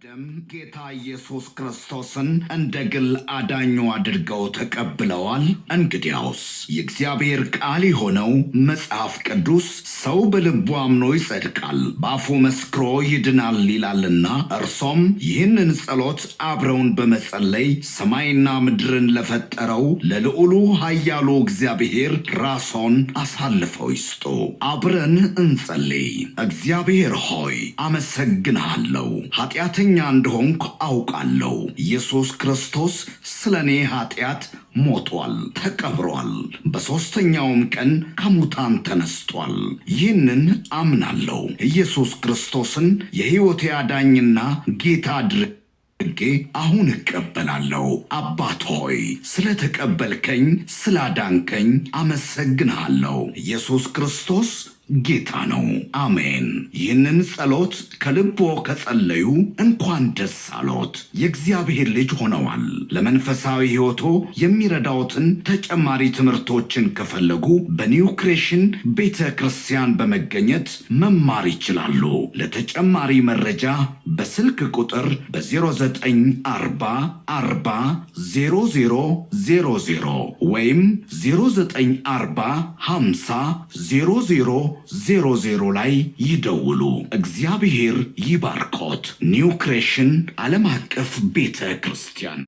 ቀደም ጌታ ኢየሱስ ክርስቶስን እንደ ግል አዳኙ አድርገው ተቀብለዋል። እንግዲያውስ የእግዚአብሔር ቃል የሆነው መጽሐፍ ቅዱስ ሰው በልቡ አምኖ ይጸድቃል፣ በአፉ መስክሮ ይድናል ይላልና እርሶም ይህንን ጸሎት አብረውን በመጸለይ ሰማይና ምድርን ለፈጠረው ለልዑሉ ኃያሉ እግዚአብሔር ራስዎን አሳልፈው ይስጡ። አብረን እንጸልይ። እግዚአብሔር ሆይ አመሰግንሃለሁ ኃጢአተኛ ጥፋተኛ እንደሆንኩ አውቃለሁ። ኢየሱስ ክርስቶስ ስለ እኔ ኃጢአት ሞቷል፣ ተቀብሯል፣ በሦስተኛውም ቀን ከሙታን ተነስቷል። ይህንን አምናለሁ። ኢየሱስ ክርስቶስን የሕይወቴ አዳኝና ጌታ አድርጌ አሁን እቀበላለሁ። አባት ሆይ ስለተቀበልከኝ ስላዳንከኝ አመሰግንሃለሁ። ኢየሱስ ክርስቶስ ጌታ ነው። አሜን። ይህንን ጸሎት ከልቦ ከጸለዩ እንኳን ደስ አሎት፣ የእግዚአብሔር ልጅ ሆነዋል። ለመንፈሳዊ ሕይወቶ የሚረዳውትን ተጨማሪ ትምህርቶችን ከፈለጉ በኒው ክሬሽን ቤተ ክርስቲያን በመገኘት መማር ይችላሉ። ለተጨማሪ መረጃ በስልክ ቁጥር በ0940400000 ወይም 09405000 00 ላይ ይደውሉ። እግዚአብሔር ይባርኮት። ኒው ክሬሽን ዓለም አቀፍ ቤተ ክርስቲያን